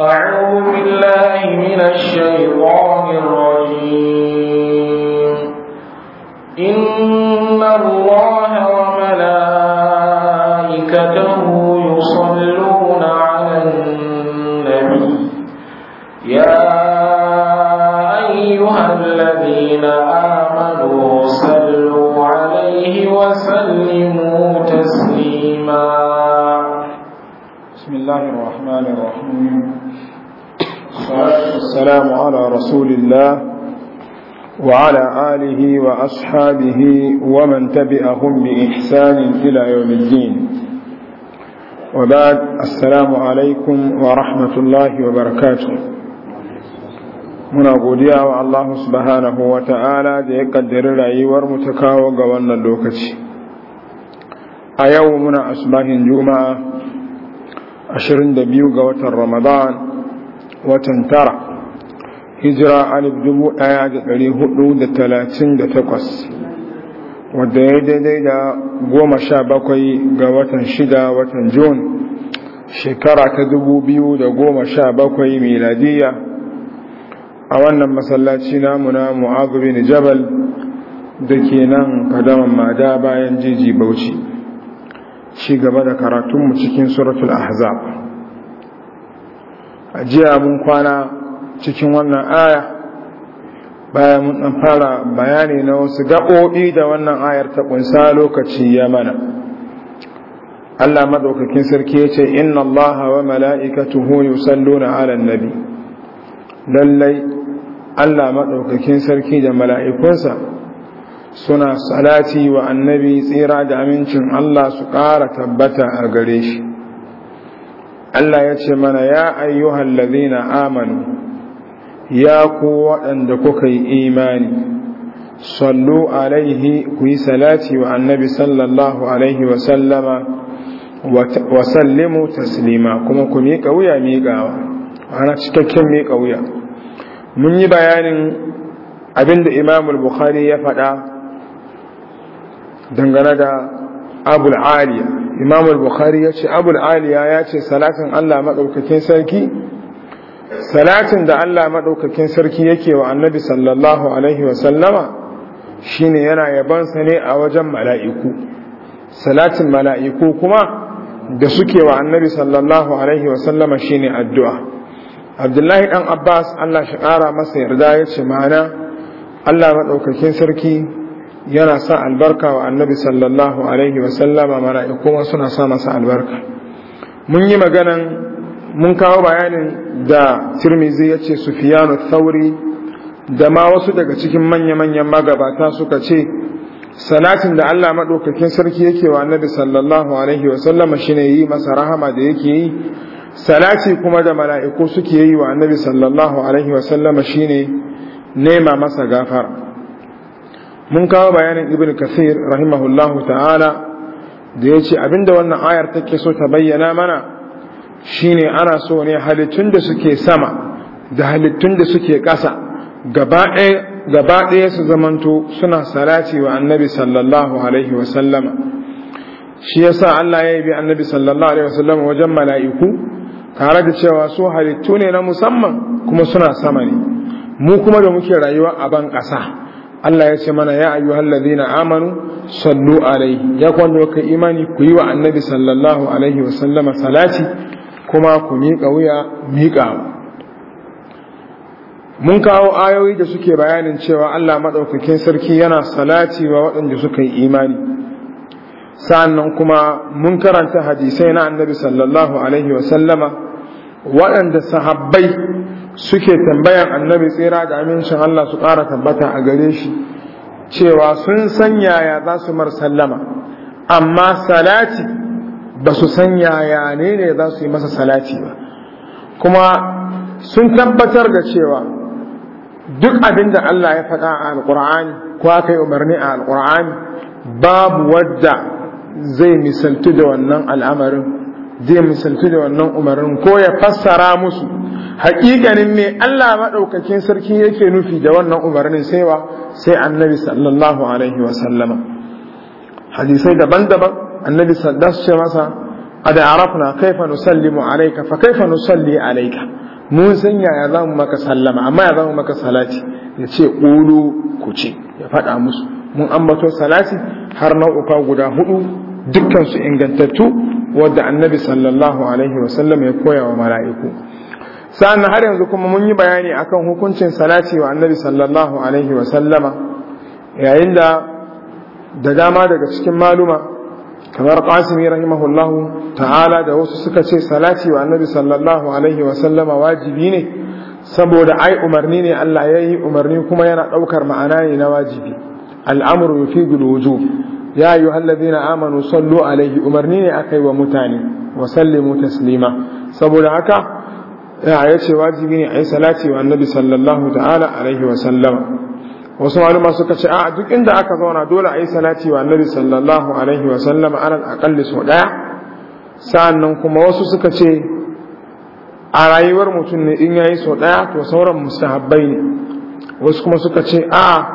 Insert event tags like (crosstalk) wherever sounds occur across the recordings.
أعوذ بالله من الشيطان الرجيم إن الله وملائكته يصلون على النبي يا أيها الذين آمنوا صلوا عليه وسلموا تسليما بسم الله الرحمن الرحيم والسلام على رسول الله وعلى آله وأصحابه ومن تبعهم بإحسان إلى يوم الدين وبعد السلام عليكم ورحمة الله وبركاته من أقول يا الله سبحانه وتعالى دي قدر رأي ورمتكا وقوانا لوكتي أيوم من أصباح الجمعة أشرين دبيو قوة رمضان وتنترى hijira alif dubu ɗaya da ɗari hudu da talatin da takwas wadda ya daidai da goma sha bakwai ga watan shida watan jun shekara ta dubu biyu da goma sha bakwai miladiya a wannan masallaci namu na mu'azu jabal da ke nan kadaman mada bayan jiji bauchi ci gaba da karatunmu cikin suratul ahzab a jiya mun kwana cikin wannan aya bayan mun dan fara bayani na wasu gaɓoɓi da wannan ayar ta ƙunsa lokaci ya mana Allah madaukakin sarki ya ce inna Allah wa mala'ikatuhu yusalluna ala nabi lallai Allah madaukakin sarki da mala'ikunsa suna salati wa annabi tsira da amincin Allah su ƙara tabbata a gare shi Allah ya ce mana ya ayyuhal ladina amanu ya ku waɗanda kuka yi imani sallu alaihi ku yi salati wa annabi sallallahu alaihi wa sallama wa sallimu taslima kuma ku miƙa wuya miƙawa ana cikakken miƙa wuya mun yi bayanin abinda imamul bukhari ya faɗa dangane da abul aliya imamul bukhari ya ce abul aliya ya ce salatin allah maɗaukakin sarki salatin da Allah maɗaukakin sarki yake wa annabi sallallahu alaihi wasallama shi ne yana yabansa ne a wajen mala'iku salatin mala'iku kuma da suke wa annabi sallallahu alaihi wasallama shi ne addu'a abdullahi ɗan abbas Allah shi ƙara masa yarda ya ce ma'ana Allah maɗaukakin sarki yana sa albarka wa annabi sallallahu alaihi wasallama mala'iku suna sa masa albarka mun yi maganan mun kawo bayanin da tirmizi ya ce sufiyanu thauri da ma wasu daga cikin manya-manyan magabata suka ce salatin da Allah maɗaukakin sarki yake wa annabi sallallahu alaihi wasallama shine yi masa rahama da yake yi salati kuma da mala'iku suke yi wa annabi sallallahu alaihi wasallama shine nema masa gafar. mun kawo bayanin ibn kasir rahimahullahu ta'ala da ya ce abinda wannan ayar take so ta bayyana mana shine ana so ne halittun da suke sama da halittun da suke ƙasa gaba ɗaya su zamanto suna salati wa annabi sallallahu alaihi wasallama shi yasa Allah ya bi annabi sallallahu alaihi wasallama wajen mala'iku tare da cewa su halittu ne na musamman kuma suna sama ne mu kuma da muke rayuwa a ban ƙasa Allah ya ce mana ya ayyu na amanu sallu alaihi ya kwando kai imani ku yi wa annabi sallallahu alaihi wasallama salati kuma ku miƙa wuya miƙa mun kawo ayoyi da suke bayanin cewa Allah maɗaukakin sarki yana salati wa waɗanda suka yi imani Sannan kuma mun karanta hadisai na annabi sallallahu alaihi wasallama waɗanda sahabbai suke tambayan annabi tsira da amincin Allah su ƙara tabbata a gare shi cewa sun san yaya za su mar sallama amma salati ba su san yaya ne ne za su yi masa salati ba kuma sun tabbatar da cewa duk abin da Allah ya faɗa a alƙur'ani ko aka yi umarni a alƙur'ani babu wadda zai misaltu da wannan al'amarin zai misaltu da wannan umarnin ko ya fassara musu haƙiƙanin me Allah maɗaukakin sarki yake nufi da wannan umarnin sai sai annabi sallallahu alaihi wa sallama hadisai daban-daban annabi sadda su ce masa ada arafna kaifa nusallimu alayka fa kaifa nusalli alayka mun san yaya za mu maka sallama amma ya za maka salati ya ce ƙulu ku ce ya faɗa musu mun ambato salati har nau'uka guda hudu dukkan ingantattu wadda annabi sallallahu alaihi wasallam ya koya wa mala'iku sa'an har yanzu kuma mun yi bayani akan hukuncin salati wa annabi sallallahu alaihi wasallama yayin da da dama daga cikin maluma kamar qasimi rahimahullahu ta'ala da wasu suka ce salati wa annabi sallallahu alaihi wa sallama wajibi ne saboda ai umarni ne Allah ya yi umarni kuma yana daukar ma'ana ne na wajibi al'amru yufidu al-wujub ya ayyuha amanu sallu alaihi umarni ne akai wa mutane wa sallimu taslima saboda haka ya ce wajibi ne ai salati wa annabi sallallahu ta'ala alaihi wa sallama wasu malama suka ce a duk inda aka zauna dole a yi salati wa annabi sallallahu alaihi wa sallam alal aqalli sau daya sa'annan kuma wasu suka ce a rayuwar mutum ne in yayi sau ɗaya to sauran mustahabbai ne wasu kuma suka ce a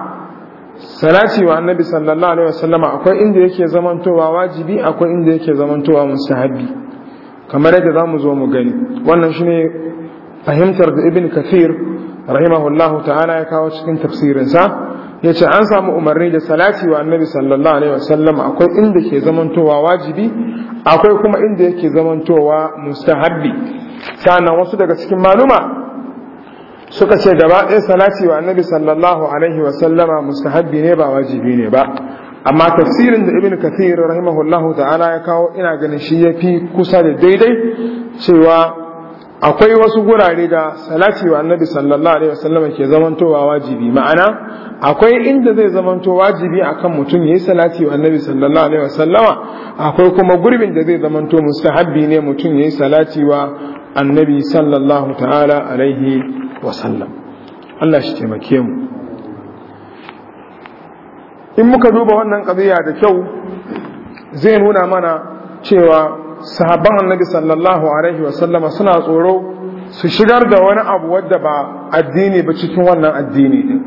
salati wa annabi sallallahu alaihi wa sallam akwai inda yake zamantowa wajibi akwai inda yake zamantowa mustahabbi kamar yadda za mu zo mu gani wannan shine fahimtar da ibn Kafir. rahimahullahu ta'ala ya kawo cikin tafsirinsa ya ce an samu umarni da salati wa annabi sallallahu alaihi wasallam akwai inda ke zamantowa wajibi akwai kuma inda yake zamantowa mustahabbi sannan wasu daga cikin maluma suka ce gaba ɗaya salati wa annabi sallallahu alaihi wasallama mustahabbi ne ba wajibi ne ba amma tafsirin da ibn kathir rahimahullahu ta'ala ya kawo ina ganin shi yafi kusa da daidai cewa akwai wasu gurare da salati wa annabi sallallahu alaihi wasallam ke zamantowa wajibi ma'ana akwai inda zai zamanto wajibi akan mutum yayi salati wa annabi sallallahu alaihi wasallama akwai kuma gurbin da zai zamanto mustahabbi ne mutum yayi salati wa annabi sallallahu ta'ala alaihi wasallam Allah shi taimake mu in muka duba wannan qadiya da kyau zai nuna mana cewa sahabban annabi sallallahu alaihi wa sallama suna tsoro su shigar da wani abu wadda ba addini ba cikin wannan addini din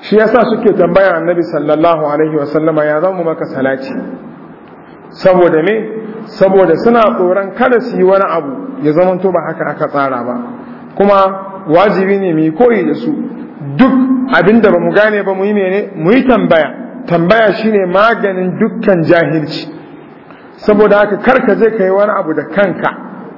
shi yasa suke tambaya annabi sallallahu alaihi wa sallama ya zama maka salati saboda me saboda suna tsoron kada su yi wani abu ya zamanto ba haka aka tsara ba kuma wajibi ne mu koyi da su duk abinda ba mu gane ba mu yi mene mu yi tambaya tambaya shine maganin dukkan jahilci saboda haka karka zai ka wani abu da kanka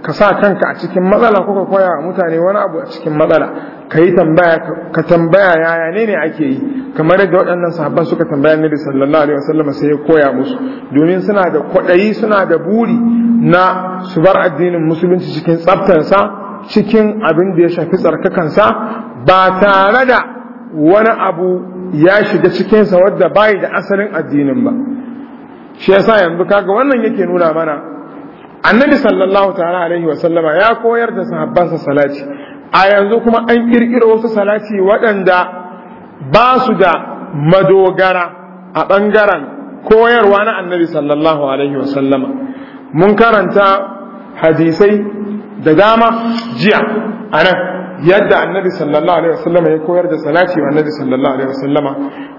ka sa kanka a cikin matsala ko ka koya wa mutane wani abu a cikin matsala ka yi tambaya ka tambaya yaya ne ne ake yi kamar yadda waɗannan sahabban suka tambaya da sallallahu alaihi wasallam sai ya koya musu domin suna da kwaɗayi suna da buri na su bar addinin musulunci cikin sa, cikin abin da ya shafi tsarkakansa ba tare da wani abu ya shiga cikinsa wadda bai da asalin addinin ba shi ya sa yanzu kaga wannan yake nuna mana annabi sallallahu ta'ala alaihi wa sallama ya koyar da sahabbansa salati a yanzu kuma an kirkiro wasu salati waɗanda ba su da madogara a ɓangaren koyarwa na annabi sallallahu alaihi wa sallama mun karanta hadisai da dama jiya a nan yadda annabi sallallahu alaihi wasallama ya koyar da salati wa annabi sallallahu alaihi wasallama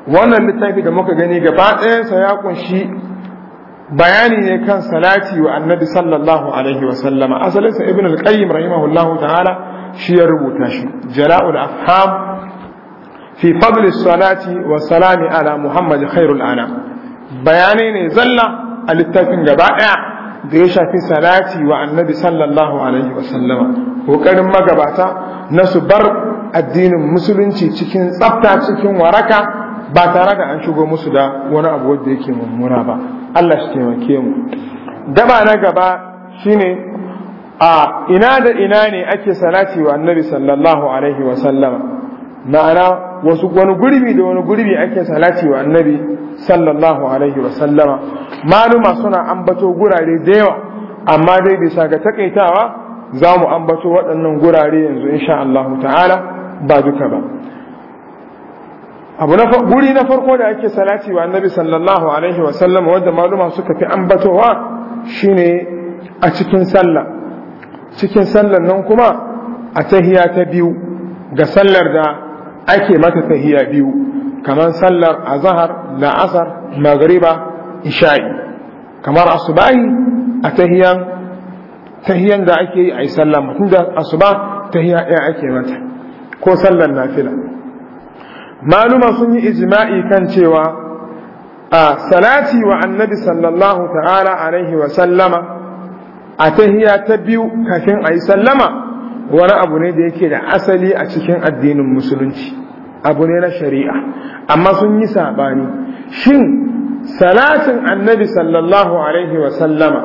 wannan littafi da muka gani gaba ɗayansa ya kunshi bayani ne kan salati wa annabi sallallahu alaihi wa sallama asalin sa ibn al-qayyim rahimahullahu ta'ala shi ya rubuta shi jala'ul afham fi fadl salati wa salami ala muhammad khairul anam bayanai ne zalla a littafin gaba daya da ya shafi salati wa annabi sallallahu alaihi wa sallama kokarin magabata na su bar addinin musulunci cikin tsafta cikin waraka ba tare da an shigo musu da wani abu wanda yake mummuna ba Allah shi taimake mu daba na gaba shine a ina da ina ne ake salati wa annabi sallallahu alaihi wa sallama ma'ana wasu wani gurbi da wani gurbi ake salati wa annabi sallallahu alaihi wa sallama maluma suna ambato gurare da yawa amma dai bisa ga takaitawa za mu ambato waɗannan gurare yanzu insha Allah ta'ala ba duka ba abu na guri na farko da ake salati wa annabi sallallahu alaihi wa sallam wanda maluma suka fi ambatowa shine a cikin sallah cikin sallan nan kuma a tahiya ta biyu ga sallar da ake mata tahiya biyu kamar sallar azhar la'asar magriba isha'i kamar asubahi a tahiyan tahiyan da ake yi a yi sallah mutum da asuba tahiya ɗaya ake mata ko sallar nafila maluma sun yi ijma'i kan cewa a salati wa annabi sallallahu ta'ala alaihi wa sallama a tahiya ta biyu kafin a yi sallama wani abu ne da yake da asali a cikin addinin musulunci abu ne na shari'a amma sun yi sabani shin salatin annabi sallallahu alaihi wa sallama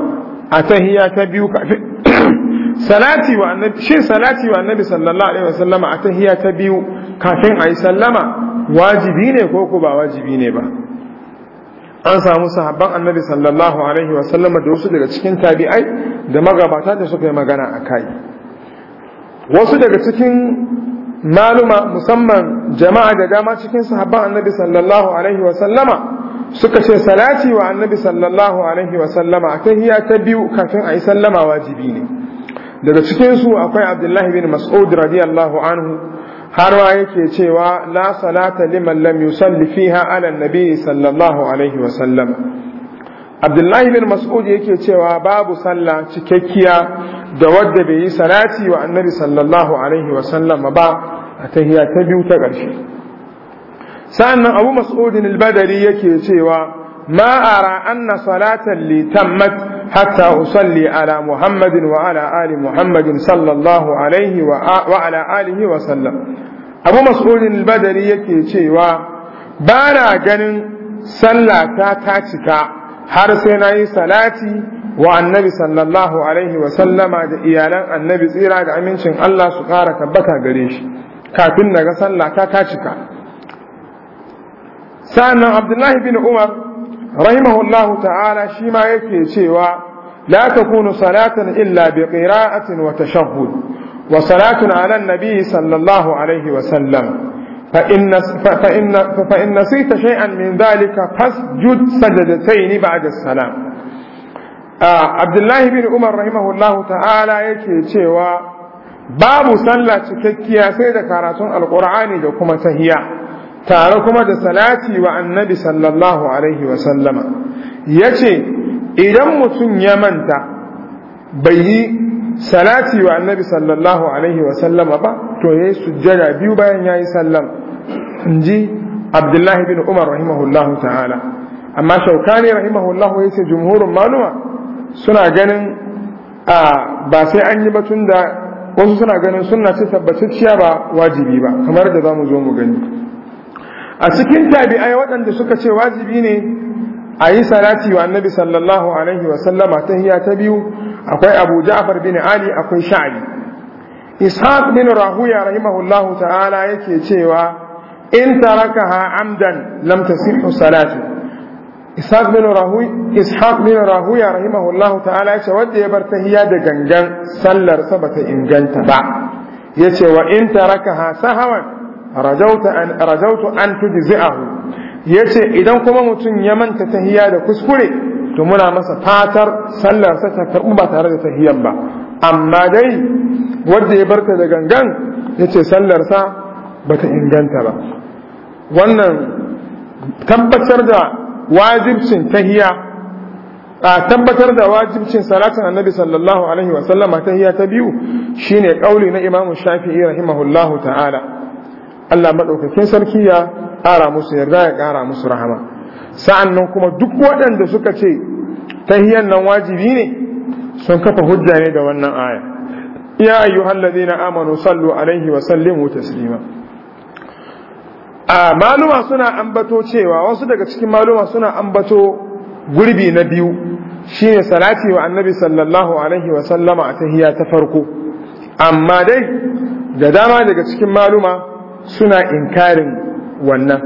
a tahiya ta biyu kafin (coughs) salati wa annabi shin salati wa annabi sallallahu alaihi wa sallama a tahiya ta biyu kafin a yi sallama wajibi ne ko ko ba wajibi ne ba an samu sahabban annabi sallallahu alaihi wasallam da wasu daga cikin tabi'ai da magabata da suka yi magana a kai wasu daga cikin maluma musamman jama'a da dama cikin sahabban annabi sallallahu alaihi wasallama suka ce salati wa annabi sallallahu alaihi wasallama a hiya ta biyu kafin ayi sallama wajibi ne daga cikinsu akwai abdullahi bin mas'ud radiyallahu anhu har wa yake cewa la salata liman lam yusalli fiha ala nabi sallallahu alaihi wa sallam Abdullahi bin Mas'ud yake cewa babu sallah cikakkiya da wadda bai yi salati wa annabi sallallahu alaihi wa sallam ba a tahiya ta biyu ta ƙarshe sa'annan Abu Mas'udin al-Badari yake cewa ma ara anna salatan li tammat حتى أصلي على محمد وعلى آل محمد صلى الله عليه وعلى آله وسلم أبو مسعود البدري yake cewa ba na ganin sallata ta cika har sai na yi salati wa annabi sallallahu alaihi wa sallama da iyalan annabi tsira ga amincin Allah su kara tabbata gare shi kafin na ga sallata ta cika sa'annan abdullahi bin umar رحمه الله تعالى شما يكي سوى لا تكون صلاة إلا بقراءة وتشهد وصلاة على النبي صلى الله عليه وسلم فإن, فإن, فإن, نسيت شيئا من ذلك فاسجد سجدتين بعد السلام عبد الله بن عمر رحمه الله تعالى يكي سوى باب صلى تككيا سيدة كاراتون القرآن لكم تهيئة tare kuma da salati wa annabi sallallahu alaihi sallama, ya ce idan mutum ya manta bai yi salati wa annabi sallallahu alaihi wa sallama ba to ya yi sujjada biyu bayan ya yi sallam in ji abdullahi bin umar rahimahullahu ta'ala amma shaukani rahimahullahu ya ce jumhurin maluma suna ganin ba sai an yi batun da wasu suna ganin suna ce tabbatacciya ba wajibi ba kamar da za mu zo mu gani a cikin tabi'ai waɗanda suka ce wajibi ne a yi salati wa annabi sallallahu alaihi wa ta hiya ta biyu akwai abu ja'far bin ali akwai sha'bi ishaq bin rahuya rahimahullahu ta'ala yake cewa in tarakaha amdan lam tasihhu salatu ishaq bin rahuya ishaq bin rahuya rahimahullahu ta'ala yace wanda ya bar tahiyya da gangan sallar sa bata inganta ba yace wa in tarakaha sahawan rajautu an ya ce idan kuma mutum ya manta tahiya da kuskure to muna masa fatar sallarsa sa ta ba tare da tahiyan ba amma dai wanda ya barta da gangan yace sallarsa sa ta inganta ba wannan tabbatar da wajibcin tahiya a tabbatar da wajibcin salatin annabi sallallahu alaihi wa tahiya ta biyu shine kauli na imamu shafi'i rahimahullahu ta'ala Allah maɗaukakin sarki ya ƙara musu yarda ya ƙara musu rahama sa'an nan kuma duk waɗanda suka ce tahiyan nan wajibi ne sun kafa hujja ne da wannan aya ya hallazi na amanu sallu alaihi wa sallimu taslima a maluma suna ambato cewa wasu daga cikin maluma suna ambato gurbi na biyu shine salati wa annabi sallallahu alaihi wa sallama a tahiya ta farko amma dai da dama daga cikin maluma suna inkarin wannan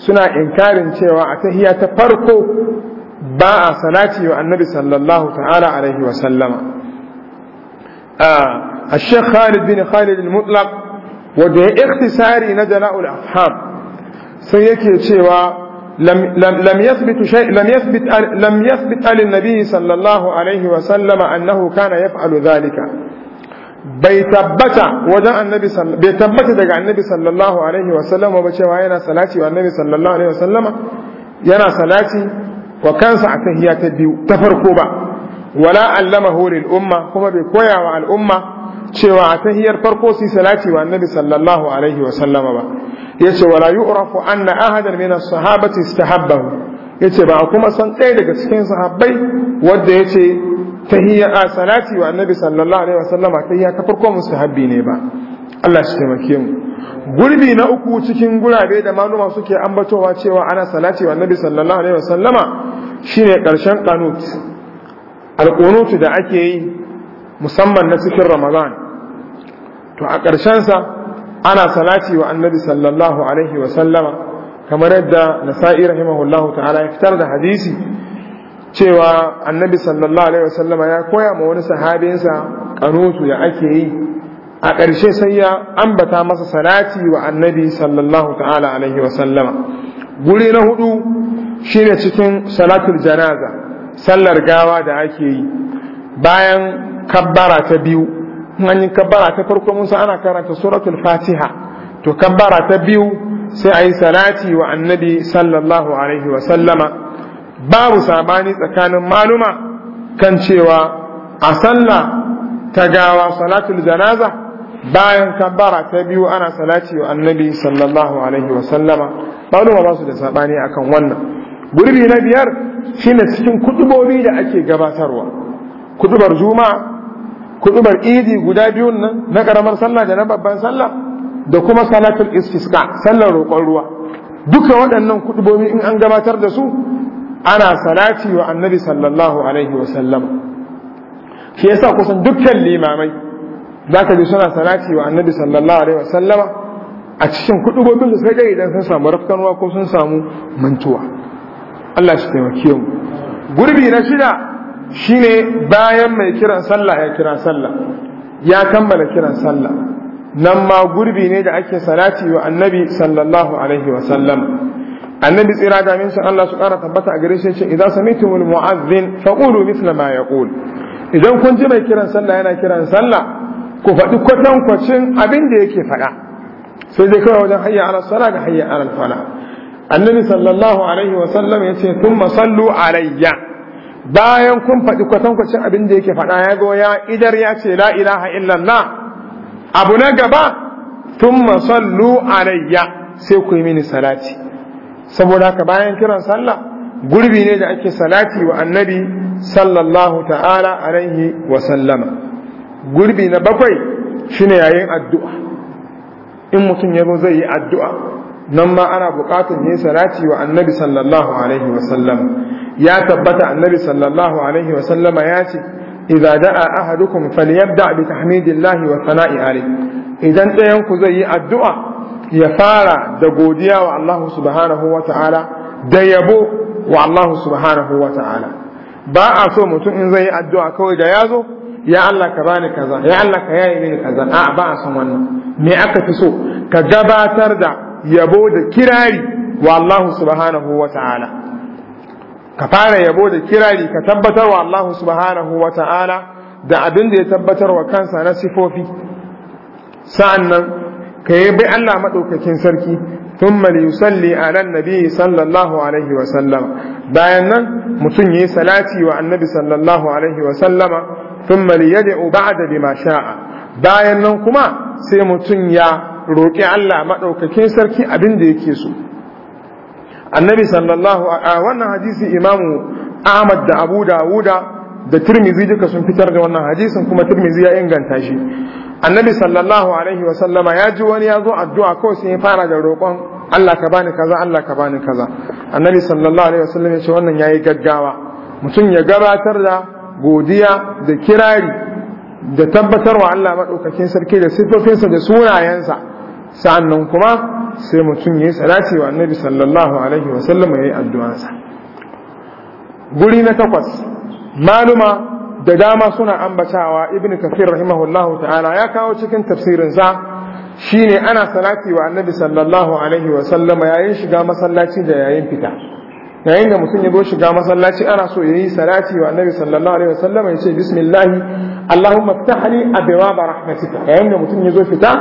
suna inkarin cewa a tahiya ta farko ba a salati wa annabi sallallahu ta'ala alaihi wa sallama a shek khalid bin khalid al-mutlaq wanda ya ikhtisari na jala'ul afham sai yake cewa لم يثبت شيء لم يثبت لم يثبت عن صلى الله عليه وسلم انه كان يفعل ذلك bai tabbata wajen annabi bai tabbata daga annabi sallallahu alaihi wa sallama ba cewa yana salati wa annabi sallallahu alaihi wa sallama yana salati wa kansa a tahiyya ta biyu ta farko ba wala allamahu lil umma kuma bai koya wa al umma cewa a tahiyar farko su salati wa annabi sallallahu alaihi wa sallama ba yace wala yu'rafu anna ahadan min as-sahabati istahabba yace ba kuma san ɗaya daga cikin sahabbai wanda yace tahiyya a salati wa annabi sallallahu alaihi wasallama tahiyya ta farko mustahabbi ne ba Allah shi taimake mu gurbi na uku cikin gurabe da manoma suke ambatowa cewa ana salati wa annabi sallallahu alaihi wasallama shine karshen qanut alqunut da ake yi musamman na cikin ramadan to a karshen sa ana salati wa annabi sallallahu alaihi wasallama kamar yadda nasa'i rahimahullahu ta'ala ya fitar da hadisi cewa annabi sallallahu alaihi wasallama ya koya ma wani sahabinsa kanutu da ake yi a ƙarshe sai ya ambata masa salati wa annabi sallallahu ta'ala alaihi wasallama guri na hudu shine cikin salatul janaza sallar gawa da ake yi bayan kabbara ta biyu an yi kabbara ta farko mun san ana karanta suratul fatiha to kabbara ta biyu sai a yi salati wa annabi sallallahu alaihi wasallama babu sabani tsakanin maluma kan cewa a sallah ta gawa salatul janaza bayan kabbara ta biyu ana salati wa annabi sallallahu alaihi wa sallama maluma ba su da sabani akan wannan gurbi na biyar shine cikin kudubobi da ake gabatarwa kudubar juma'a kudubar idi guda biyu nan na karamar sallah da na babban sallah da kuma salatul istisqa sallar roƙon ruwa duka waɗannan kudubobi in an gabatar da su ana salati wa annabi sallallahu alaihi wa sallam shi yasa kusan dukkan limamai zaka ji suna salati wa annabi sallallahu alaihi wa sallama a cikin gobin da suka idan sun samu rafkanwa ko sun samu mantuwa Allah shi taimake mu gurbi na shida shine bayan mai kiran sallah ya kira sallah ya kammala kiran sallah nan ma gurbi ne da ake salati wa annabi sallallahu alaihi wa sallam annabi tsira da min san Allah su kara tabbata a gare shi ce idan samitumul mu'azzin faqulu mithla ma yaqul idan kun ji mai kiran sallah yana kiran sallah ku faɗi kwatankwacin abin da yake faɗa sai dai kawai wajen hayya ala sala ga hayya ala fala annabi sallallahu alaihi wa sallam yace thumma sallu alayya bayan kun faɗi kwatankwacin abin da yake faɗa ya goya, idar ya ce la ilaha illallah abu na gaba thumma sallu alayya sai ku yi mini salati saboda haka bayan kiran sallah gurbi ne da ake salati wa annabi sallallahu ta'ala alaihi wa sallama gurbi na bakwai shine yayin addu'a in mutum ya zo zai yi addu'a nan ma ana bukatar yin salati wa annabi sallallahu alaihi wa sallama ya tabbata annabi sallallahu alaihi wa sallama ya ce idza da'a ahadukum falyabda bi tahmidillahi wa thana'i alaihi idan ɗayan ku zai yi addu'a ya fara da godiya wa Allah subhanahu wa ta'ala da yabo wa Allah subhanahu wa ta'ala ba a so mutum in zai yi addu'a kawai da ya zo ya Allah ka bani kaza ya Allah ka yayi mini kaza a ba a son wannan me aka fi so ka gabatar da yabo da kirari wa Allah subhanahu wa ta'ala ka fara yabo da kirari ka tabbatar wa Allah subhanahu wa ta'ala da abin da ya tabbatar wa kansa na sifofi sa'annan ka yi bai Allah maɗaukakin sarki Tun mali yusalli na biyu, sallallahu alaihi wa sallama bayan nan mutum yi salati wa annabi sallallahu alaihi wa sallama thumma yad'u ba'da bima sha'a bayan nan kuma sai mutum ya roƙi Allah maɗaukakin sarki abin da yake so annabi sallallahu a wannan hadisi imamu Ahmad da Abu Dawuda da turmizi duka sun fitar da wannan hadisin kuma turmizi ya inganta shi annabi sallallahu alaihi wasallama ya ji wani ya zo addu'a ko sai ya fara da roƙon Allah ka bani kaza Allah ka bani kaza annabi sallallahu alaihi wasallama ya ce wannan yayi gaggawa mutum ya gabatar da godiya da kirari da tabbatarwa Allah maɗaukakin sarki da siffofinsa da sunayensa Sannan kuma sai mutum ya yi wa annabi sallallahu alaihi wasallama ya yi addu'ansa guri na takwas maluma da dama suna ambatawa ibn kafir rahimahullahu ta'ala ya kawo cikin tafsirinsa shine ana salati wa annabi sallallahu alaihi wa sallama yayin shiga masallaci da yayin fita yayin da mutum ya zo shiga masallaci ana so yayi salati wa annabi sallallahu alaihi wa sallama ya ce bismillah allahumma iftah li abwaab rahmatika yayin da mutum ya zo fita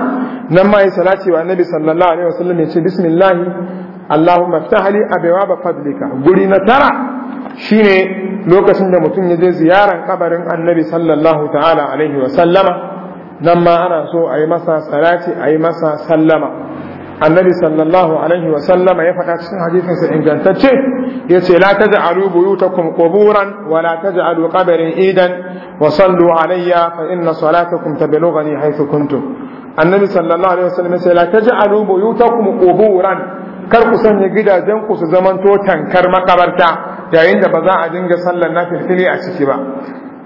nan ma yayi salati wa annabi sallallahu alaihi wa sallam ya ce bismillah Allahumma ftahli abwaaba fadlika guri na tara shine lokacin da mutum ya je ziyaran kabarin Annabi sallallahu ta'ala alaihi wa sallama nan ma ana so a yi masa salati a yi masa sallama annabi sallallahu alaihi wa sallama ya faɗa cikin hadisinsa ingantacce ya ce la taj'alu buyutakum quburan wa la taj'alu qabrin idan wa sallu alayya fa inna salatakum tablughani haythu kuntum annabi sallallahu alaihi wa sallam ya ce kar ku sanya gidajen ku su to tankar makabarta yayin da ba za a dinga sallar nafilfili a ciki ba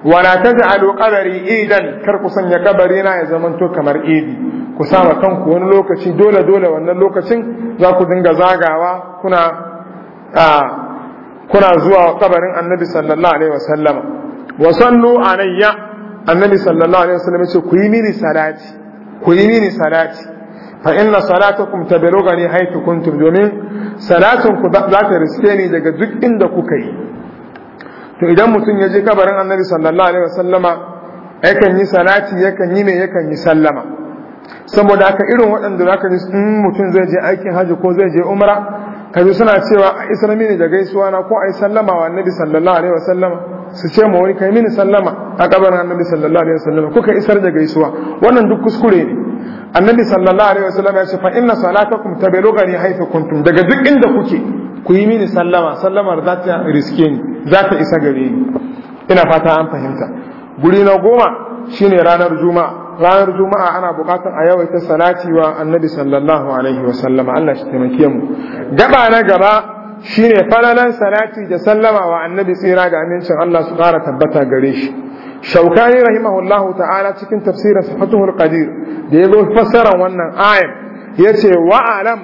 la taj'alu qabri idan kar ku sanya kabari na ya to kamar idi ku sama kanku wani lokaci dole dole wannan lokacin za ku dinga zagawa kuna kuna zuwa kabarin annabi sallallahu alaihi wasallam wa sallu alayya annabi sallallahu alaihi wasallam ya ce ku yi mini salati ku yi mini salati fa inna salatakum tabalughani haitu kuntum domin salatun ku za ta riske ni daga duk inda kuka yi to idan mutum ya je kabarin annabi sallallahu alaihi wasallama yakan yi salati yakan yi ne yakan yi sallama saboda haka irin waɗanda za ka ji in mutum zai je aikin hajji ko zai je umra ka ji suna cewa a isar mini da gaisuwa na ko a yi sallama wa annabi sallallahu alaihi wasallama su ce ma wani kai mini sallama a kabarin annabi sallallahu alaihi wasallama kuka isar da gaisuwa wannan duk kuskure ne annabi sallallahu alaihi wasallam ya ce fa inna salatakum tabalughani haythu kuntum daga duk inda kuke ku yi mini sallama sallamar za ta riske ni za ta isa gare ni ina fata an fahimta guri na goma shine ranar juma'a ranar juma'a ana bukatar a yawaita salati wa annabi sallallahu alaihi wasallam Allah shi taimake mu gaba na gaba shine falalan salati da sallama wa annabi tsira ga amincin Allah su ƙara tabbata gare shi shaukani rahimahullahu ta'ala cikin tafsirin fathul qadir da yazo fassara wannan ayat yace wa alam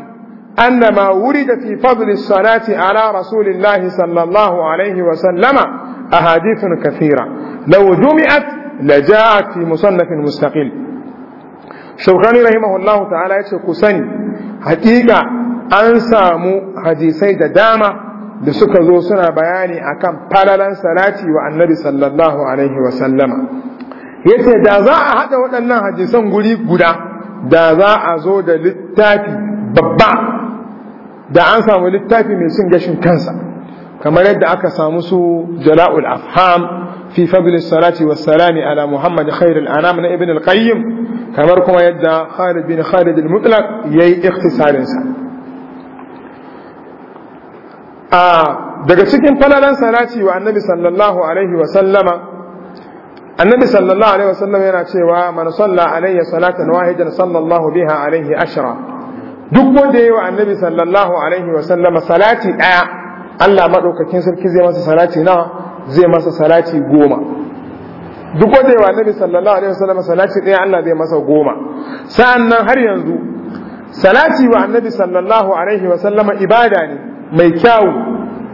anna ma wurida fi fadli salati ala rasulillahi sallallahu alaihi wa sallama ahadithun kathira law jumi'at laja'at fi musannafin mustaqil shaukani rahimahullahu ta'ala yace ku sani hakika an samu hadisai da dama da suka zo suna bayani akan falalan salati wa annabi sallallahu alaihi wa sallama yace da za a hada waɗannan hadisan guri guda da za a zo da littafi babba da an samu littafi mai sun gashin kansa kamar yadda aka samu su jala'ul afham ala muhammad الصلاة والسلام على محمد خير الأنام ابن Kamar kuma yadda Khalid bin بن خالد المطلق يي اختصار إنسان a daga cikin falalan salati wa annabi sallallahu alaihi wa sallama annabi sallallahu alaihi wa sallama yana cewa man salla alayya salatan wahidan sallallahu biha alaihi ashra duk wanda yayi wa annabi sallallahu alaihi wa sallama salati daya Allah madaukakin sarki zai masa salati nawa zai masa salati goma duk wanda yayi wa annabi sallallahu alaihi wa sallama salati daya Allah zai masa goma sa'annan har yanzu salati wa annabi sallallahu alaihi wa sallama ibada ne mai kyau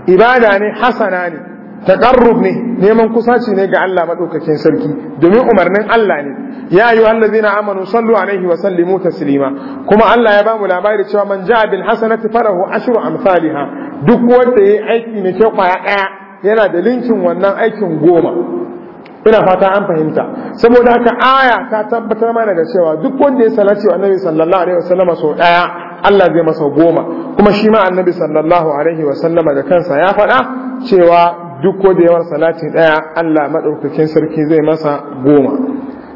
ibada ne hasana ne taqarrub ne neman kusaci ne ga Allah madaukakin sarki domin umarnin Allah ne ya ayu allazina amanu sallu alaihi wa sallimu taslima kuma Allah ya ba mu labari cewa man jaa bil hasanati farahu ashru amsalha duk wanda yayi aiki ne ke kwaya daya yana da linkin wannan aikin goma ina fata an fahimta saboda haka aya ta tabbatar mana da cewa duk wanda ya salace wa annabi sallallahu alaihi wa sallama so daya Allah zai masa goma kuma shi ma annabi sallallahu alaihi wa sallama da kansa ya faɗa cewa duk ko da yawan salati ɗaya Allah madaukakin sarki zai masa goma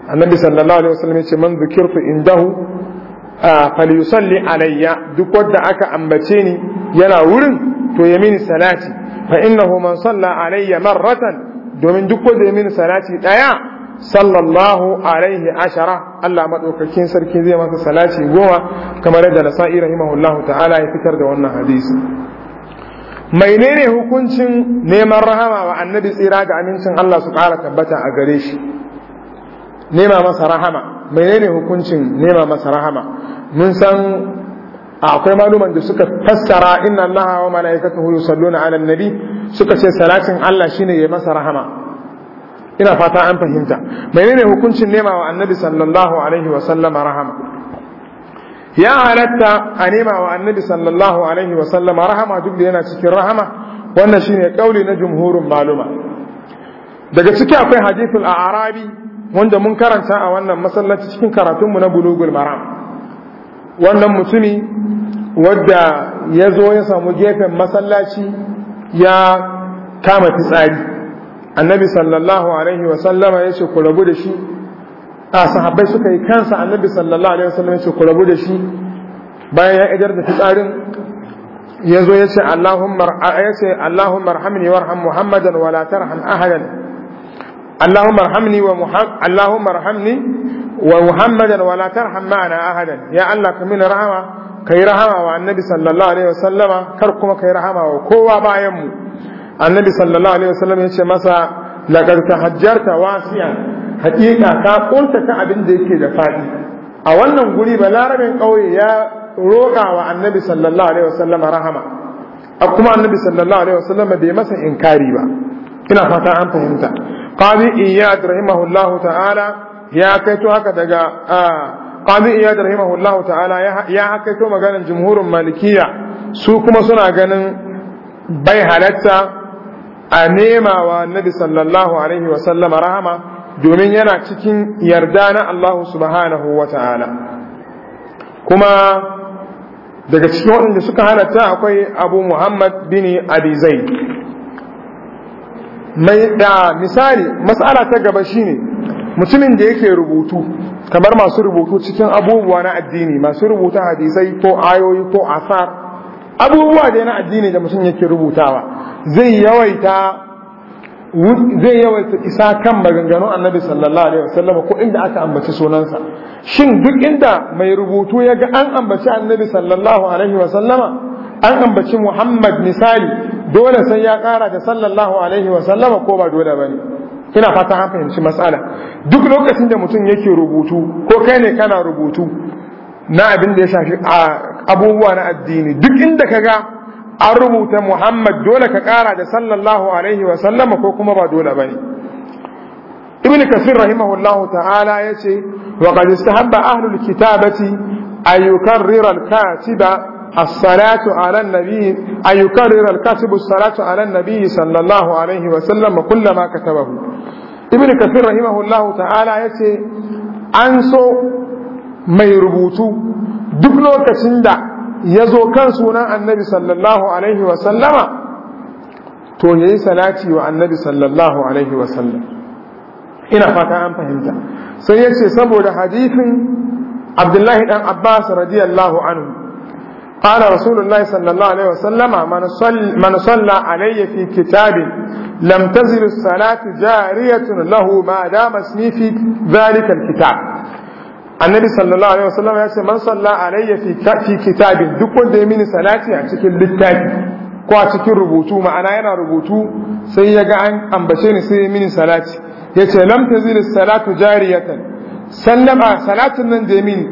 annabi sallallahu alaihi wa sallam ce man zikirtu indahu falyusalli alayya duk wanda aka ambace ni yana wurin to ya mini salati fa innahu man salla alayya marratan domin duk wanda ya mini salati daya sallallahu alaihi ashara Allah madaukakin sarki zai masa salati goma kamar yadda nasa'i rahimahullahu ta'ala ya fitar da wannan hadisi ne hukuncin neman rahama wa annabi tsira ga amincin Allah su ƙara tabbata a gare shi nema masa rahama ne hukuncin nema masa rahama mun san akwai maluman da suka fassara inna Allah wa mala'ikatahu yusalluna 'alan nabi suka ce salatin Allah shine ya masa rahama ina fata an fahimta menene hukuncin nema wa annabi sallallahu alaihi wa sallama rahama ya halatta a nema wa annabi sallallahu alaihi wa sallama rahama duk da yana cikin rahama wannan shine kauli na jumhurin maluma daga ciki akwai hadithul arabi wanda mun karanta a wannan masallaci cikin karatun mu na bulugul maram wannan mutumi wanda ya zo ya samu gefen masallaci ya kama fitsari annabi sallallahu alaihi wa sallama ya ce ku rabu da shi a sahabbai suka yi kansa annabi sallallahu alaihi wa sallama ya ce ku rabu da shi bayan ya idar da fitsarin ya zo ya ce Allahumma arhamni warham Muhammadan wala tarham ahadan Allahumma arhamni wa Allahumma arhamni wa Muhammadan wala tarham ma'ana ahadan ya Allah ka mini rahama kai rahama wa annabi sallallahu alaihi wasallama kar kuma kai rahama wa kowa bayan mu annabi sallallahu alaihi wasallam ya ce masa laqad tahajjarta wasiya hakika ka kunta ta abin da yake da fadi a wannan guri balarabin kauye ya roka wa annabi sallallahu alaihi wasallam rahama a kuma annabi sallallahu alaihi wasallam bai masa inkari ba ina fata an fahimta qadi iyad rahimahullahu ta'ala ya kaito haka daga qadi iyad rahimahullahu ta'ala ya kaito maganar jumhurin malikiya su kuma suna ganin bai halatta a nema wa nabi sallallahu alaihi wa sallama rahama domin yana cikin yarda na Allah subhanahu wa ta'ala kuma daga cikin waɗanda suka halatta akwai abu muhammad bin adizai mai da misali matsala ta gaba shine mutumin da yake rubutu kamar masu rubutu cikin abubuwa na addini masu rubuta hadisai ko ayoyi ko asar abubuwa da na addini da mutum yake rubutawa zai yawaita zai yawaita isa kan maganganun annabi sallallahu alaihi wasallam ko inda aka ambaci sunansa shin duk inda mai rubutu ya ga an ambaci annabi sallallahu alaihi wasallam an ambaci muhammad misali dole sai ya kara da sallallahu alaihi wasallam ko ba dole bane ina fata an fahimci matsala duk lokacin da mutum yake rubutu ko kai ne kana rubutu na abin da ya shafi abubuwa na addini duk inda ka ga an rubuta Muhammad dole ka ƙara da sallallahu alaihi wa sallama ko kuma ba dole ba ne. Ibn Kasir rahimahullah ta'ala yace, ce, wa qad istahabba ahlul kitabati an yukarrira al-katiba as-salatu ala an-nabi an yukarrira al-katibu as-salatu ala an-nabi sallallahu alaihi wa sallama kullama katabahu. Ibn Kasir rahimahullah ta'ala yace, an so mai rubutu duk lokacin da ya zo kan sunan annabi sallallahu alaihi wasallama to ya yi salati wa annabi sallallahu alaihi wasallam ina fata an fahimta sai ya ce saboda hadithin abdullahi dan abbas radiyallahu anhu قال رسول الله صلى الله عليه وسلم من صلى, من صلى علي في كتاب لم تزل الصلاة جارية له ما دام اسمي في ذلك الكتاب annabi sallallahu alaihi wasallam ya ce man salla alayya fi kitabin duk wanda ya mini salati a cikin littafi ko a cikin rubutu ma'ana yana rubutu sai ya ga an ambace ni sai ya mini salati ya ce lam tazil salatu jariyatan sallama salatin nan da ya mini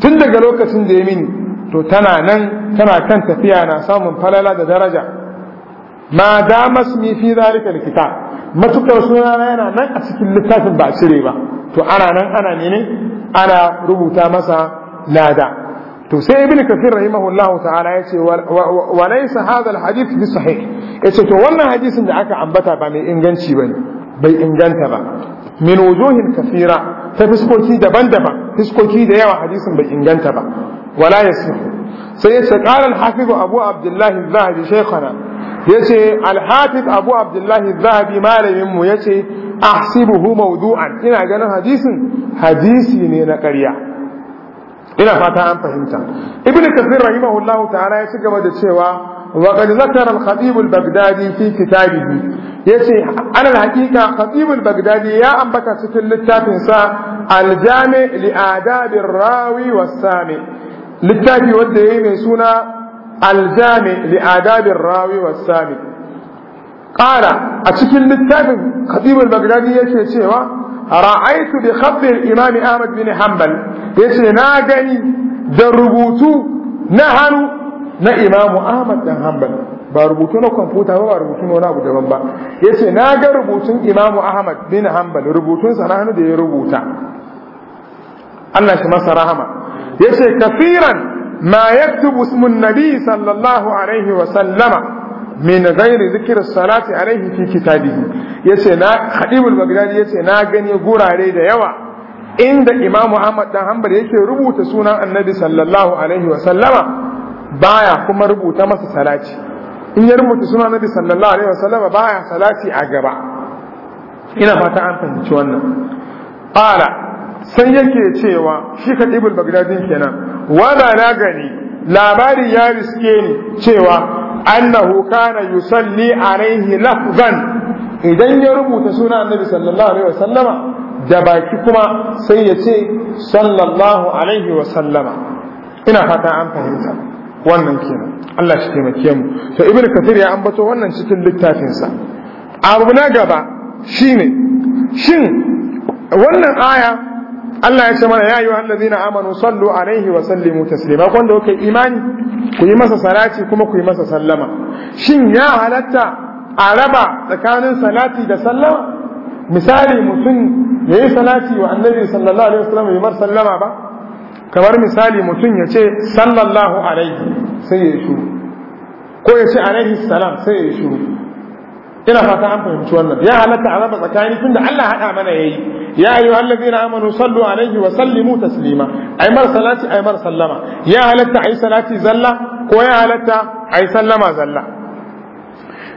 tun daga lokacin da ya mini to tana nan tana kan tafiya na samun falala da daraja ma damasmi fi zalika alkitab matukar sunana yana nan a cikin littafin ba cire ba to ana nan ana ne ana rubuta masa lada to sai ibn kafir rahimahullahu ta'ala yace wa laysa hadha alhadith bi sahih yace to wannan hadisin da aka ambata ba mai inganci bane bai inganta ba min wujuhin kafira ta fiskoki daban-daban fiskoki da yawa hadisin bai inganta ba wala yasih sai yace qala al abu abdullah az-zahabi shaykhana Yace ce alhafiz abu abdullahi zahabi malaminmu ya ce a sibu humaudu an ina ganin hadisin hadisi ne na karya. ina fata an fahimta ibn kafin rahimahullahu ta'ala ya shiga da cewa waƙar zakar alhadibul bagdadi fi kitabi Yace ya ce an alhaƙiƙa hadibul bagdadi ya ambata cikin littafinsa aljami li'adabin rawi wasami littafi wanda ya yi mai suna aljami li adabin rawi sami ƙara a cikin littafin khatibul bagdadi yake cewa ra'aitu bi khatti al-imam Ahmad bin Hanbal yace na gani da rubutu na hannu na Ahmad dan ba rubutu na kwamfuta ba ba rubutu wani abu daban ba yace na ga rubutun imamu Ahmad bin Hanbal rubutun na hannu da ya rubuta Allah shi masa rahama yace kafiran ما يكتب اسم النبي صلى الله عليه وسلم من غير ذكر الصلاة عليه في كتابه yace na Khatib al-Baghdadi na gani gurare da yawa inda Imam Ahmad dan Hanbal yake rubuta sunan Annabi sallallahu alaihi wa sallama baya kuma rubuta masa salati in ya rubuta sunan Annabi sallallahu alaihi wa sallama baya salati a gaba ina fata an fahimci wannan qala sai yake cewa shi ɗibul bagdadin kenan wala na gani labarin ya riske ni cewa annahu kana yusalli alaihi lafzan idan ya rubuta suna annabi sallallahu alaihi wasallama da baki kuma sai ya ce sallallahu alaihi wasallama ina fata an fahimta wannan kenan Allah shi taimake mu to ibnu kathir ya ambato wannan cikin littafinsa abu na gaba shine shin wannan aya Allah ya ce mana ya yi ayyuhal ladina amanu sallu alaihi wa sallimu taslima kun da kuka imani ku yi masa salati kuma ku yi masa sallama shin ya halatta a raba tsakanin salati da sallama misali mutum ya yi salati wa annabi sallallahu alaihi wasallam ya mar sallama ba kamar misali mutum ya ce sallallahu alaihi sai ya shuru ko ya ce alaihi salam sai ya shuru ina fata an fahimci wannan ya halatta a raba tsakani tunda Allah haɗa mana yayi ya ayu allazina amanu sallu alaihi wa sallimu taslima ay mar salati ay mar sallama ya halatta ay salati zalla ko ya halatta ay sallama zalla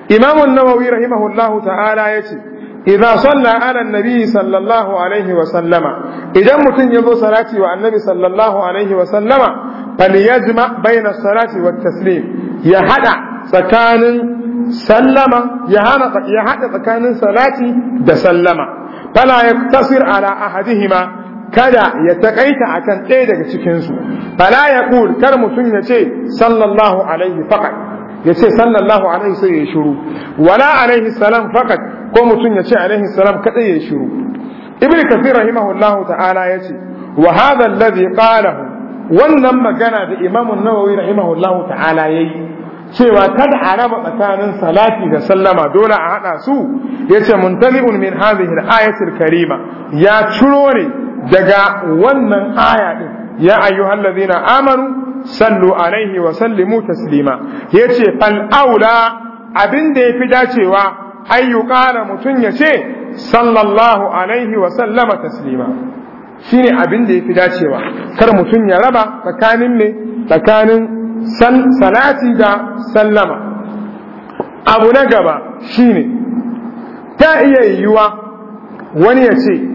imamu an-nawawi rahimahullahu ta'ala yace idza salla ala an-nabi sallallahu alaihi wa sallama idan mutun yazo salati wa annabi sallallahu alaihi wa sallama falyajma bayna salati wat taslim ya hada tsakanin sallama ya haɗa tsakanin salati da sallama fala ya tasir ala ahadihima kada ya taƙaita kan ɗaya daga cikinsu fala ya ƙul kar mutum ya ce sallallahu alaihi faƙat ya ce sallallahu alaihi sai ya shiru wala alaihi salam fakat ko mutum ya ce alaihi salam kadai ya shiru ibn kathir rahimahullahu ta'ala ya ce wa hadha ya ƙara wannan magana da imam an-nawawi rahimahullahu ta'ala yayi cewa kada a raba tsakanin salati da sallama dole a hada su yace muntalibun min hadhihi ayatul karima ya ciro ne daga wannan aya din ya ayyuhallazina amanu sallu alaihi wa sallimu taslima yace fal aula abin da yafi dacewa ayyukana mutun yace sallallahu alaihi wa sallama taslima shine abin da yafi dacewa kar mutun ya raba tsakanin me tsakanin salati da sallama abu na gaba shine ta iya yiwuwa wani ya ce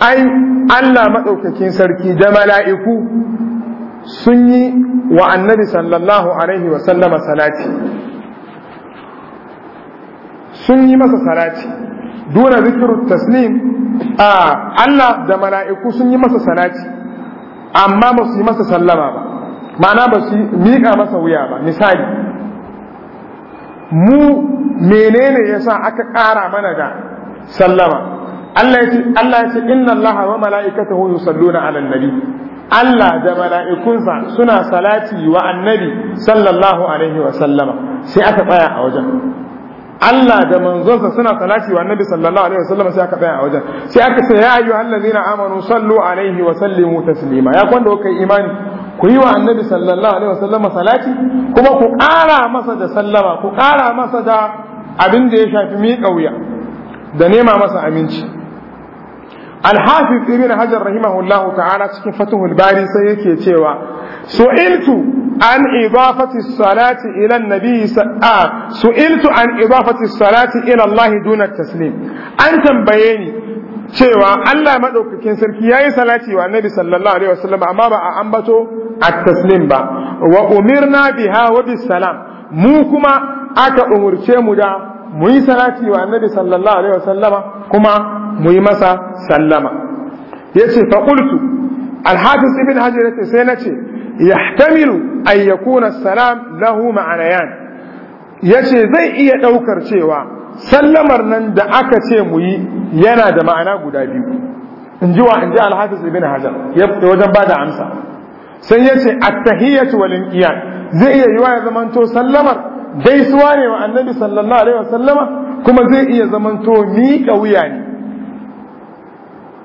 ai Allah maɗaukakin sarki da mala'iku sun yi wa annabi sallallahu alaihi sallama salati sun yi masa salati dole zikiru taslim a Allah da mala'iku sun yi masa salati amma ba su yi masa sallama ba ma'ana ba su miƙa masa wuya ba misali mu menene yasa aka ƙara mana da sallama Allah ya ce inna Allah wa mala'ikatahu yusalluna 'alan nabi Allah da mala'ikunsa suna salati wa annabi sallallahu alaihi wa sallama sai aka tsaya a wajen Allah da manzonsa suna salati wa annabi sallallahu alaihi wa sallama sai aka tsaya a wajen sai aka ce ya ayyuhallazina amanu sallu alaihi wa sallimu taslima ya kwanda kai imani ku yi wa annabi sallallahu alaihi wasallama salati kuma ku ƙara masa da sallama ku ƙara masa da abin da ya shafi miƙa wuya da nema masa aminci alhafiz ibn hajar rahimahullahu ta'ala cikin fatuhul bari sai yake cewa su'iltu an إضافة الصلاة ila النبي Sa'a, آه. سئلت عن إضافة الصلاة إلى الله دون an tambaye ni. cewa Allah maɗaukakin sarki yayi salati wa Annabi sallallahu alaihi wasallam amma ba a ambato at-taslim ba wa umirna biha wa mu kuma aka umurce mu da mu yi salati wa Annabi sallallahu alaihi wasallama kuma mu yi masa sallama yace fa qultu al-hafiz ibn hajar yace sai nace yahtamilu an yakuna salam lahu ma'anayan yace zai iya daukar cewa sallamar nan da aka ce mu yi yana da ma'ana guda biyu in ji wa in ji alhafiz ibn hajar ya wajen ba da amsa sai ya ce at-tahiyyatu wal inqiyad zai iya yiwa ya zamanto sallamar gaisuwa ne wa annabi sallallahu alaihi sallama. kuma zai iya zamanto miƙa wuya ne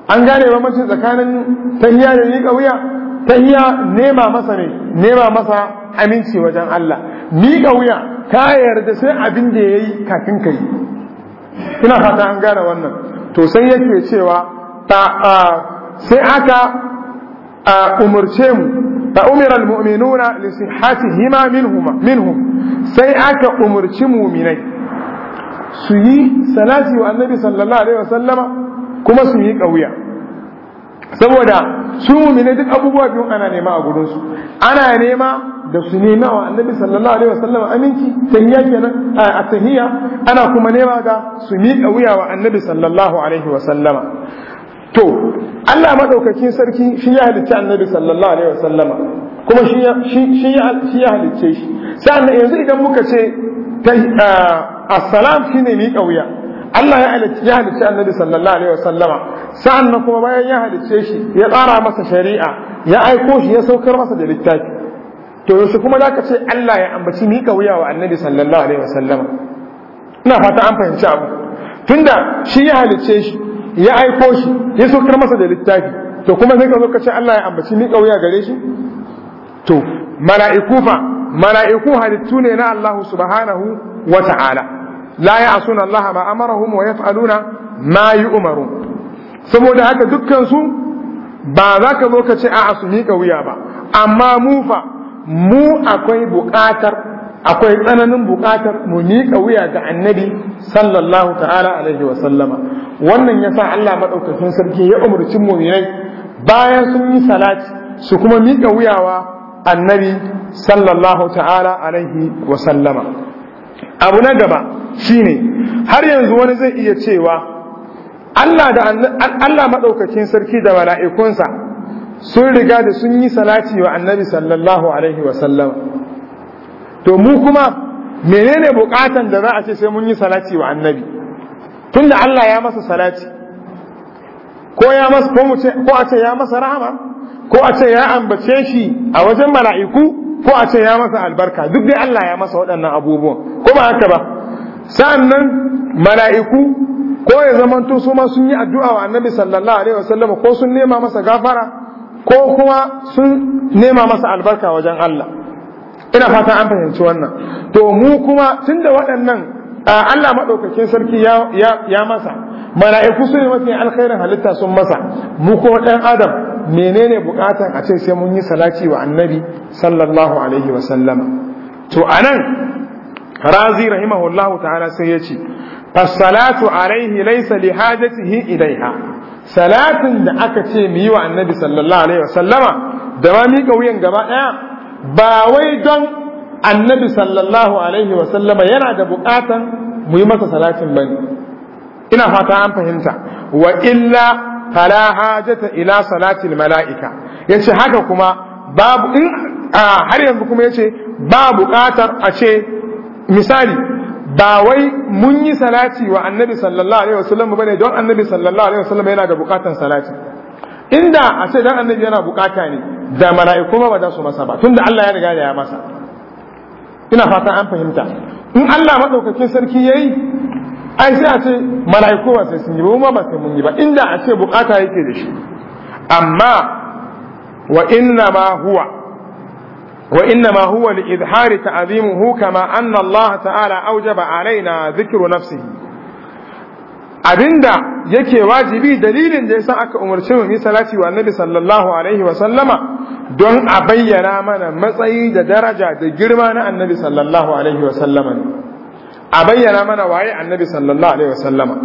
an gane bambanci tsakanin tahiyya da miƙa wuya tahiyya nema masa ne nema masa aminci wajen Allah miƙa wuya. ka yarda sai abin da yayi kafin kai ina fata an gane wannan to sai yake cewa ta sai aka umurce mu fa umira li hima minhum sai aka umurci mu'minai su yi salati wa annabi sallallahu alaihi wasallama kuma su yi kauya saboda su mu'minai duk abubuwa biyu ana nema a gurinsu ana nema da su nema wa annabi sallallahu alaihi wasallam aminci tahiyya kenan a tahiyya ana kuma nema ga su miƙa wuya wa annabi sallallahu alaihi wasallama to Allah madaukakin sarki shi ya halitta annabi sallallahu alaihi wasallama kuma shi ya shi ya halicce shi sannan yanzu idan muka ce assalam shine miƙa wuya Allah ya halicci ya halicci Annabi sallallahu alaihi wasallama sa'annan kuma bayan ya halicce shi ya tsara masa shari'a ya aiko shi ya saukar masa da littafi to yaushe kuma za ka ce Allah ya ambaci mika wuya wa annabi sallallahu alaihi wasallam ina fata an fahimci abu tunda shi ya halice shi ya aiko shi ya saukar masa da littafi to kuma sai ka zo ka ce Allah ya ambaci mika wuya gare shi to mala'iku fa mala'iku halittu ne na Allah subhanahu wa ta'ala la ya'suna Allah ma amarahum wa yaf'aluna ma yu'maru saboda haka dukkan su ba za ka zo ka ce a'a su mika wuya ba amma mu fa mu akwai buƙatar akwai tsananin buƙatar mu miƙa wuya ga annabi sallallahu ta'ala alaihi wa sallama wannan yasa Allah madaukakin sarki ya umurci mu'minai bayan sun yi salati su kuma miƙa wuyawa annabi sallallahu ta'ala alaihi wa sallama abu na gaba shine har yanzu wani zai iya cewa Allah da Allah madaukakin sarki da mala'ikunsa sun riga da sun yi salati wa annabi sallallahu alaihi wasallam to mu kuma menene bukatan da za a ce sai mun yi salati wa annabi tunda Allah ya masa salati ko ya masa ko ce ko a ce ya masa rahama ko a ce ya ambace shi a wajen mala'iku ko a ce ya masa albarka duk dai Allah ya masa waɗannan abubuwan ko ba haka ba sa'annan mala'iku ko ya zamanto su ma sun yi addu'a wa annabi sallallahu alaihi wasallam ko sun nema masa gafara ko kuma sun nema masa albarka wajen Allah ina fata an fahimci wannan to mu kuma tunda waɗannan Allah maɗaukakin sarki ya masa mala'iku su ne mafi alkhairin halitta sun masa mu ko ɗan adam menene bukatan a ce sai mun yi salaci wa annabi sallallahu alaihi wa sallama to anan razi rahimahullahu ta'ala sai ya ce fassalatu alaihi laysa li hajatihi idaiha. salatin da aka ce mu yi wa annabi sallallahu alaihi wasallama da ma miƙa wuyan gaba ɗaya ba wai don annabi sallallahu alaihi wasallama yana da buƙatar mu yi masa salatin bane ina fata an fahimta wa illa fala hajata ila salatil mala'ika yace haka kuma babu in har yanzu kuma yace ba buƙatar a ce misali ba wai mun yi salati wa annabi sallallahu alaihi wasallam bane don annabi sallallahu alaihi wasallam yana da bukatan salati inda a ce dan annabi yana bukata ne da mala'iku ma ba za su masa ba tunda Allah ya riga ya masa ina fata an fahimta in Allah madaukakin sarki yayi ai sai a ce mala'iku ba sai sun yi ba ba sai mun yi ba inda a ce bukata yake da shi amma wa inna ma huwa وإنما هو لإظهار تعظيمه كما أن الله تعالى أوجب علينا ذكر نفسه abinda yake wajibi dalilin da yasa aka umarci mu yi salati wa annabi sallallahu alaihi wa sallama don a bayyana mana matsayi da daraja da girma na annabi sallallahu alaihi wa sallama a bayyana mana waye annabi sallallahu alaihi wa sallama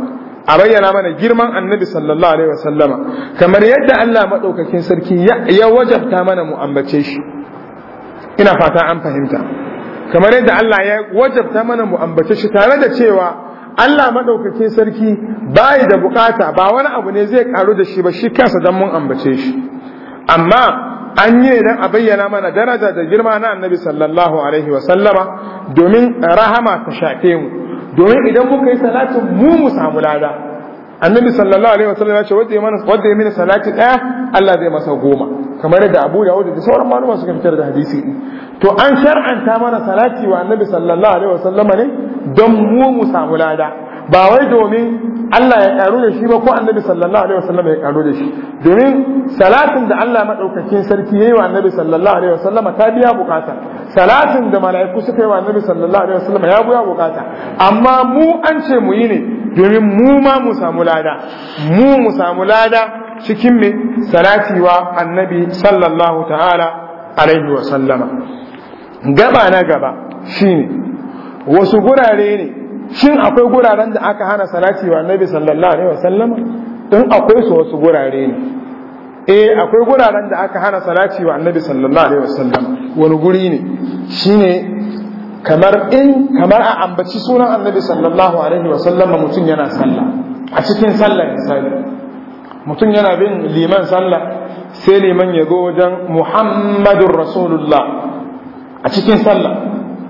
a bayyana mana girman annabi sallallahu alaihi wa sallama kamar yadda Allah madaukakin sarki ya wajabta mana mu ambace shi ina fata an fahimta kamar yadda Allah ya wajabta mana mu ambace shi tare da cewa Allah madaukakin sarki bai da bukata ba wani abu ne zai karu da shi ba shi kansa dan mun ambace shi amma an yi dan a bayyana mana daraja da girma na Annabi sallallahu alaihi wa sallama domin rahama ta shafe mu domin idan muka yi salatin mu mu samu lada Annabi sallallahu alaihi wa sallama ya ce wanda ya mana wanda ya mini salati daya Allah zai masa goma kamar da Abu da da sauran maluma suka fitar da hadisi to an shar'anta mana salati wa Annabi sallallahu alaihi wasallam ne don mu mu samu lada ba wai domin Allah ya karu da shi ba ko Annabi sallallahu alaihi wasallam ya karu da shi domin salatin da Allah madaukakin sarki yayi wa Annabi sallallahu alaihi wasallam ta biya bukata salatin da mala'iku suka yi wa Annabi sallallahu alaihi wasallam ya biya bukata amma mu an ce mu yi ne domin mu ma mu samu lada mu mu samu lada cikin mai salati wa annabi sallallahu ta'ala alaihi wa sallama gaba na gaba shine wasu gurare ne shin akwai guraren da aka hana salati wa annabi sallallahu alaihi wa sallama in akwai su wasu gurare ne eh akwai guraren da aka hana salati wa annabi sallallahu alaihi wa sallama wani guri ne shine kamar in kamar a ambaci sunan annabi sallallahu alaihi wa sallama mutum yana sallah a cikin sallar misali mutum yana bin liman sallah sai liman ya zo wajen muhammadun rasulullah a cikin sallah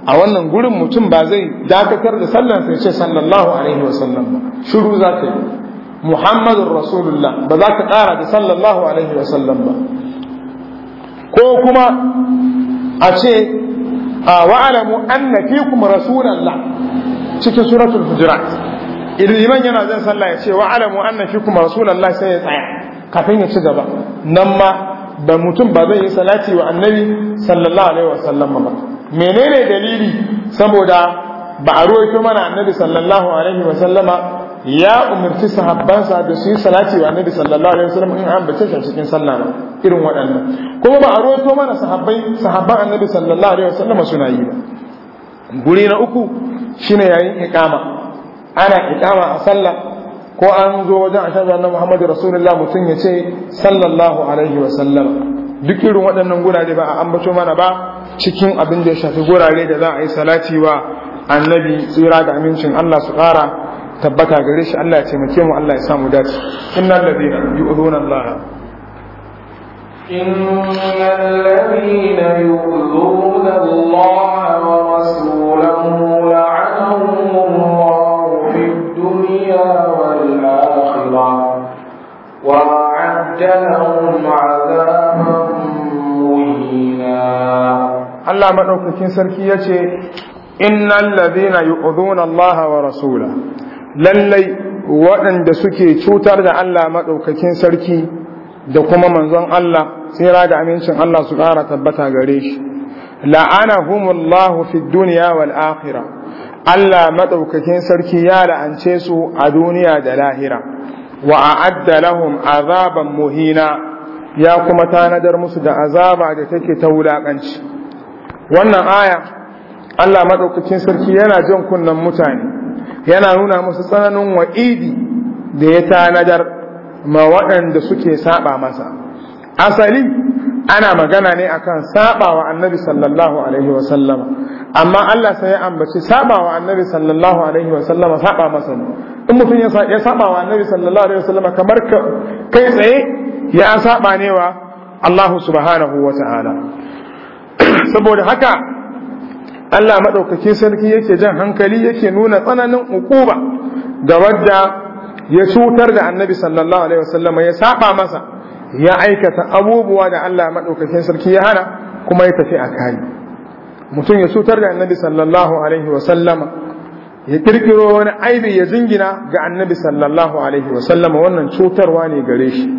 a wannan gurin mutum ba zai dakatar da sallan sai ce sallallahu alaihi wasallam ba shiru za ta yi muhammadun rasulullah ba za ka kara da sallallahu alaihi wasallam ba ko kuma a ce wa'alamu fi kuma rasulallah cikin suratul hujurat liman yana zan sallah ya ce wa alamu anna kuma rasulullahi sai ya tsaya kafin ya ci gaba nan ma ba mutum ba zai yi salati wa annabi sallallahu alaihi wa sallam ba menene dalili saboda ba a ruwaito mana annabi sallallahu alaihi wa sallama ya umarci sahabbansa da su yi salati wa annabi sallallahu alaihi wa sallam in an bace shi cikin sallah irin waɗannan kuma ba a ruwaito mana sahabbai sahabban annabi sallallahu alaihi wa sallama suna yi ba guri na uku shine yayin iqama ana ikama a sallah ko an zo wajen ashadu na muhammadu rasulullah mutum ya ce sallallahu alaihi wa sallam duk irin waɗannan gurare ba a ambato mana ba cikin abin da ya shafi gurare da za a yi salati wa annabi tsira da amincin Allah su ƙara tabbata gare shi Allah ya taimake mu Allah ya samu dace innal ladina yu'dhuna Allah innal ladina yu'dhuna Allah wa rasulahu Allah maɗaukakin sarki ya ce, سركي yace na yi yu'dhuna Allah wa rasula lallai waɗanda suke cutar da Allah maɗaukakin sarki da kuma manzon Allah tsira da amincin Allah su ƙara tabbata gare shi la'anahumullahu fi duniya wal akhirah Allah maɗaukakin sarki ya la'ance su a duniya da lahira wa a'adda lahum azaban muhina ya kuma tanadar musu da azaba da take ta wulakanci wannan aya Allah madaukakin sarki yana jan kunnan mutane yana nuna musu tsananin wa'idi da ya tanadar ma waɗanda suke saɓa masa asali ana magana ne akan sabawa annabi sallallahu alaihi wa sallama amma Allah sai ya ambaci sabawa annabi sallallahu alaihi wa sallama saba masa ne in mutum ya ya wa annabi sallallahu alaihi wa sallama kamar kai tsaye ya saba ne wa Allah subhanahu wa ta'ala (clears throat) saboda haka Allah madaukaki sarki yake jan hankali yake nuna tsananin ukuba ga wadda ya cutar da annabi sallallahu alaihi wa sallama ya saba masa ya aikata abubuwa da Allah madaukakin sarki ya hana kuma ya tafi a kai mutum ya cutar da annabi sallallahu alaihi wa sallama ya kirkiro wani aibi ya zingina ga annabi sallallahu alaihi wa sallama wannan cutarwa ne gare shi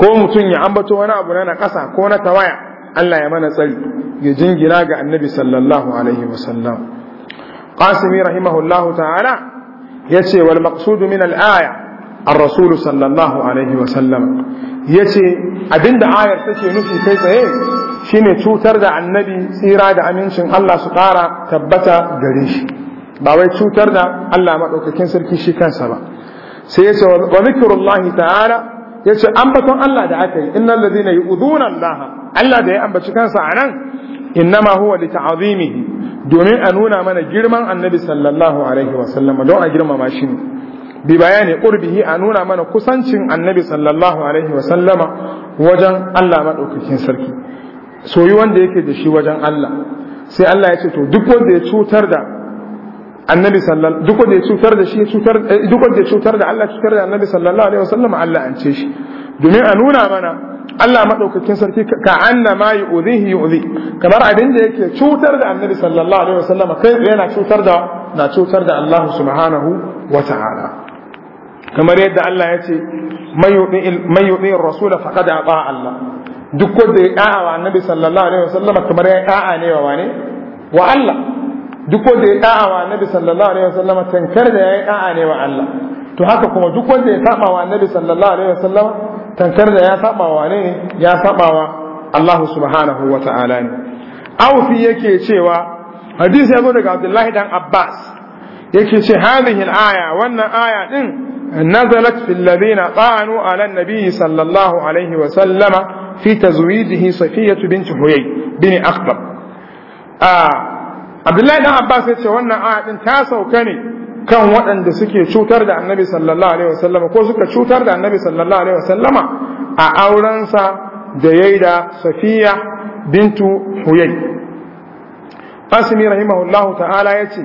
ko mutum ya ambato wani abu na ƙasa ko na tawaya Allah ya mana tsari ya jingina ga annabi sallallahu alaihi wa sallam qasimi rahimahullahu ta'ala yace wal maqsudu min al aya ar rasulu sallallahu alaihi wa sallam yace abinda ayar take nufi kai tsaye shine cutar da annabi tsira da amincin Allah su ƙara tabbata gare shi ba wai cutar da Allah madaukakin sarki shi kansa ba sai yace wa zikrullahi ta'ala yace ambaton Allah da aka yi innal ladina yu'dhuna Allah Allah da ya ambaci kansa anan innama huwa li ta'zimihi domin a nuna mana girman annabi sallallahu alaihi wa sallam don a girmama shi ne bi bayani qurbihi a nuna mana kusancin annabi sallallahu alaihi wa sallama wajen Allah madaukakin sarki soyi wanda yake da shi wajen Allah sai Allah ya ce to duk wanda ya cutar da annabi sallallahu duk wanda ya cutar da shi cutar eh, duk wanda ya cutar da Allah cutar da annabi sallallahu alaihi wa sallama Allah an ce shi domin a nuna mana Allah maɗaukakin sarki ka anna ma yu'zihi yu'zi kamar abin da yake cutar da Annabi sallallahu alaihi wa wasallam kai yana cutar da na cutar da Allah subhanahu wa ta'ala kamar yadda Allah ya ce man yudi rasul faqad aba Allah duk wanda ya da'a wa annabi sallallahu alaihi wasallam kamar ya da'a ne wa wane wa Allah duk wanda ya da'a wa annabi sallallahu alaihi wasallam tankar da ya da'a ne wa Allah to haka kuma duk wanda ya saba wa annabi sallallahu alaihi wasallam tankar da ya saba wa ne ya saba wa Allah subhanahu wa ta'ala ne awfi yake cewa hadisi ya zo daga Abdullahi dan Abbas yake ce hadhihi al-aya wannan aya din نزلت في الذين طعنوا على النبي صلى الله عليه وسلم في تزويجه صفية بنت حيي بن أخطب عبد الله بن عباس yace wannan aya ta sauka ne kan waɗanda suke cutar da annabi sallallahu alaihi wasallama ko suka cutar da annabi sallallahu alaihi wasallama a aurensa da yayi da Safiya bintu Huyay Qasimi rahimahullahu ta'ala ce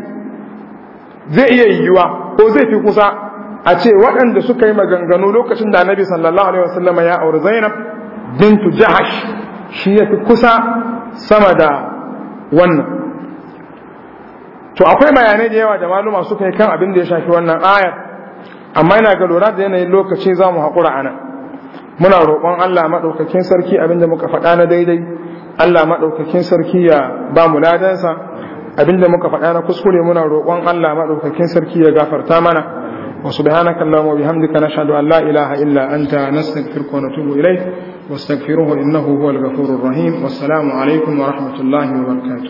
zai iya yiwuwa ko zai fi kusa a ce waɗanda suka yi maganganu lokacin da annabi sallallahu alaihi wasallam ya auri zainab bintu jahash shi ya fi kusa sama da wannan to akwai bayanai da yawa da maluma suka yi kan abin da ya shafi wannan ayar amma yana ga lura da yanayin lokaci za mu haƙura a muna roƙon allah maɗaukakin sarki abin da muka faɗa na daidai allah maɗaukakin sarki ya ba mu ladansa abin da muka faɗa na kuskure muna roƙon allah maɗaukakin sarki ya gafarta mana وسبحانك اللهم وبحمدك نشهد أن لا إله إلا أنت نستغفرك ونتوب إليك واستغفره إنه هو الغفور الرحيم والسلام عليكم ورحمة الله وبركاته